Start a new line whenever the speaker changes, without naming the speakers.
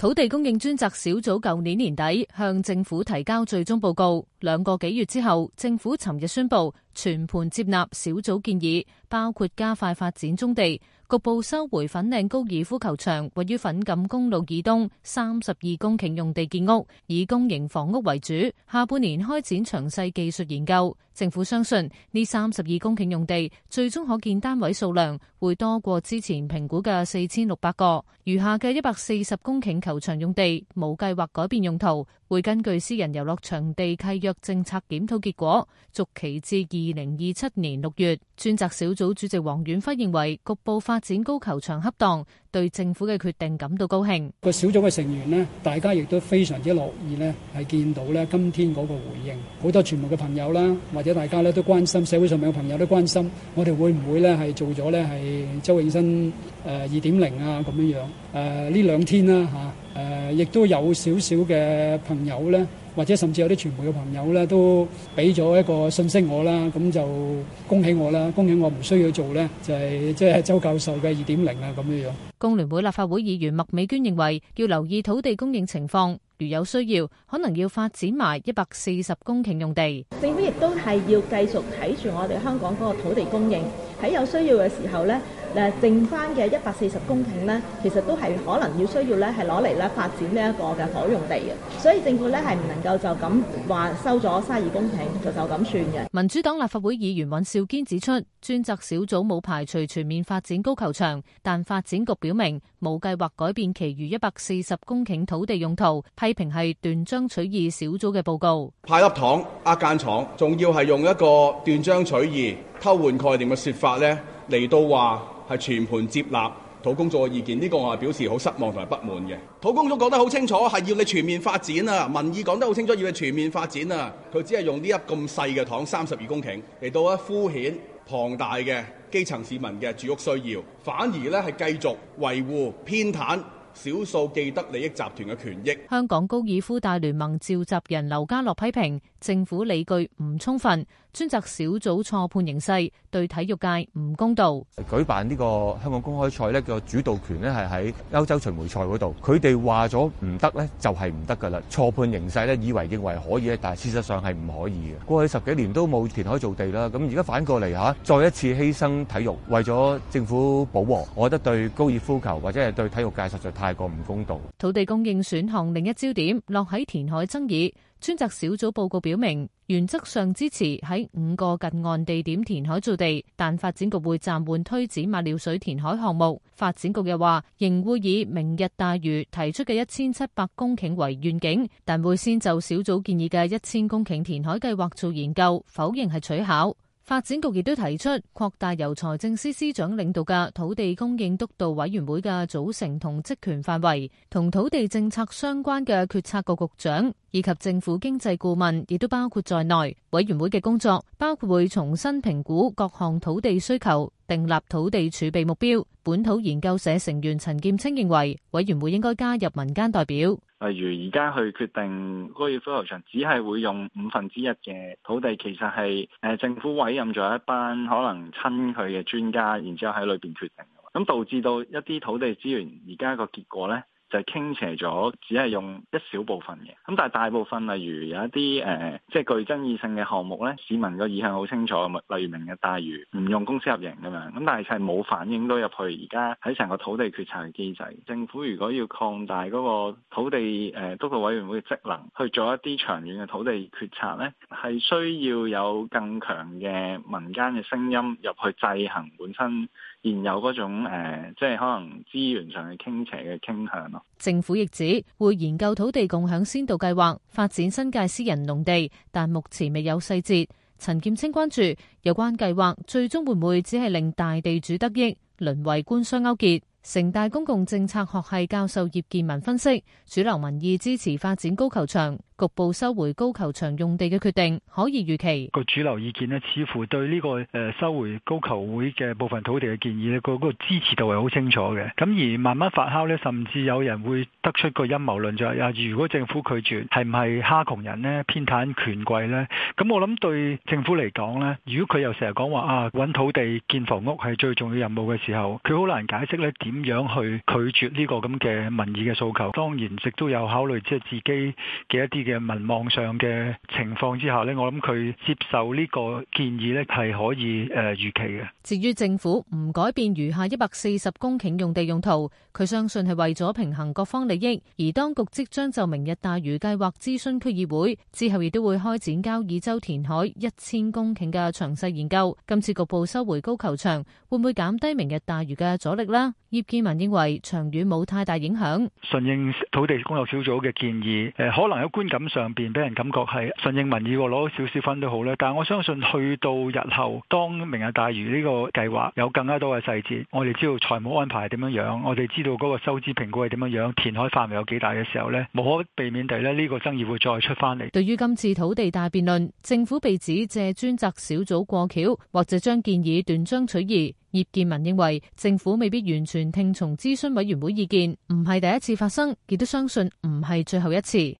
土地供應專責小組舊年年底向政府提交最終報告，兩個幾月之後，政府尋日宣布全盤接納小組建議，包括加快發展棕地、局部收回粉嶺高爾夫球場、位於粉錦公路以東三十二公頃用地建屋，以公營房屋為主，下半年開展詳細技術研究。政府相信呢三十二公頃用地最終可建單位數量會多過之前評估嘅四千六百個，餘下嘅一百四十公頃球場用地冇計劃改變用途，會根據私人遊樂場地契約政策檢討結果，續期至二零二七年六月。專責小組主席黃遠輝認為局部發展高球場恰當。對政府嘅決定感到高興。
個小組嘅成員呢，大家亦都非常之樂意呢，係見到呢今天嗰個回應。好多傳媒嘅朋友啦，或者大家呢都關心，社會上面嘅朋友都關心，我哋會唔會呢係做咗呢係周永新誒二點零啊咁樣樣誒呢兩天啦吓誒，亦都有少少嘅朋友呢。或者甚至有啲傳媒嘅朋友咧，都俾咗一個信息我啦，咁就恭喜我啦，恭喜我唔需要做咧，就係即係周教授嘅二點零啊咁樣樣。
工聯會立法會議員麥美娟認為，要留意土地供應情況，如有需要，可能要發展埋一百四十公頃用地。政府亦都係要繼續睇住我哋香港嗰個土地供應，喺有需要嘅時候咧。誒剩翻嘅一百四十公頃呢，其實都係可能要需要咧，係攞嚟咧發展呢一個嘅可用地嘅，所以政府咧係唔能夠就咁話收咗卅二公頃就就咁算嘅。民主黨立法會議員尹兆堅指出，專責小組冇排除全面發展高球場，但發展局表明冇計劃改變其餘一百四十公頃土地用途，批評係斷章取義小組嘅報告。
派粒糖，呃間廠，仲要係用一個斷章取義、偷換概念嘅説法呢。嚟到話係全盤接納土供組嘅意見，呢個我係表示好失望同埋不滿嘅。土供組講、這個、得好清楚，係要你全面發展啊！民意講得好清楚，要你全面發展啊！佢只係用呢粒咁細嘅糖三十二公頃嚟到啊敷衍龐大嘅基層市民嘅住屋需要，反而呢係繼續維護偏袒少數既得利益集團嘅權益。
香港高爾夫大聯盟召集人劉家樂批評政府理據唔充分。專責小組錯判形勢，對體育界唔公道。
舉辦呢個香港公開賽咧，個主導權咧係喺歐洲巡迴賽嗰度。佢哋話咗唔得呢就係唔得噶啦。錯判形勢呢，以為認為可以咧，但係事實上係唔可以嘅。過去十幾年都冇填海造地啦，咁而家反過嚟吓，再一次犧牲體育，為咗政府保和，我覺得對高爾夫球或者係對體育界實在太過唔公道。
土地供應選項另一焦點，落喺填海爭議。專責小組報告表明，原則上支持喺五個近岸地點填海造地，但發展局會暫緩推展馬料水填海項目。發展局又話，仍會以明日大嶼提出嘅一千七百公頃為願景，但會先就小組建議嘅一千公頃填海計劃做研究，否認係取巧。發展局亦都提出擴大由財政司司長領導嘅土地供應督導委員會嘅組成同職權範圍，同土地政策相關嘅決策局局長以及政府經濟顧問亦都包括在內。委員會嘅工作包括會重新評估各項土地需求，訂立土地儲備目標。本土研究社成員陳劍清認為，委員會應該加入民間代表。
例如而家去決定高爾夫球場，只係會用五分之一嘅土地，其實係誒政府委任咗一班可能親佢嘅專家，然之後喺裏邊決定。咁導致到一啲土地資源，而家個結果咧？就傾斜咗，只係用一小部分嘅。咁但係大部分，例如有一啲誒，即係具爭議性嘅項目咧，市民個意向好清楚，例如明日大嶼唔用公司入營㗎嘛。咁但係係冇反映到入去。而家喺成個土地決策嘅機制，政府如果要擴大嗰個土地誒、呃、督導委員會嘅職能，去做一啲長遠嘅土地決策呢，係需要有更強嘅民間嘅聲音入去制衡本身現有嗰種即係、呃就是、可能資源上嘅傾斜嘅傾向。
政府亦指會研究土地共享先導計劃，發展新界私人農地，但目前未有細節。陳劍青關注有關計劃最終會唔會只係令大地主得益，淪為官商勾結。城大公共政策學系教授葉建文分析，主流民意支持發展高球場。局部收回高球場用地嘅決定，可以
預期個主流意見咧，似乎對呢個誒收回高球會嘅部分土地嘅建議咧，個、嗰個支持度係好清楚嘅。咁而慢慢發酵咧，甚至有人會得出個陰謀論，就係、話、啊如果政府拒絕，係唔係蝦窮人咧、偏袒權貴咧？咁我諗對政府嚟講咧，如果佢又成日講話啊，搵土地建房屋係最重要任務嘅時候，佢好難解釋咧點樣去拒絕呢個咁嘅民意嘅訴求。當然亦都有考慮，即係自己嘅一啲嘅。嘅民望上嘅情況之下咧，我諗佢接受呢個建議咧係可以誒預期嘅。
至於政府唔改變餘下一百四十公頃用地用途，佢相信係為咗平衡各方利益，而當局即將就明日大嶼計劃諮詢區議會之後亦都會開展交椅洲填海一千公頃嘅詳細研究。今次局部收回高球場會唔會減低明日大嶼嘅阻力咧？葉建文認為長遠冇太大影響，
順應土地工作小組嘅建議誒可能有觀感。咁上邊俾人感覺係順應民意攞少少分都好啦。但係我相信去到日後，當明日大嶼呢個計劃有更加多嘅細節，我哋知道財務安排係點樣樣，我哋知道嗰個收支評估係點樣樣，填海範圍有幾大嘅時候咧，無可避免地咧呢個爭議會再出翻嚟。
對於今次土地大辯論，政府被指借專責小組過橋，或者將建議斷章取義。葉建文認為政府未必完全聽從諮詢委員會意見，唔係第一次發生，亦都相信唔係最後一次。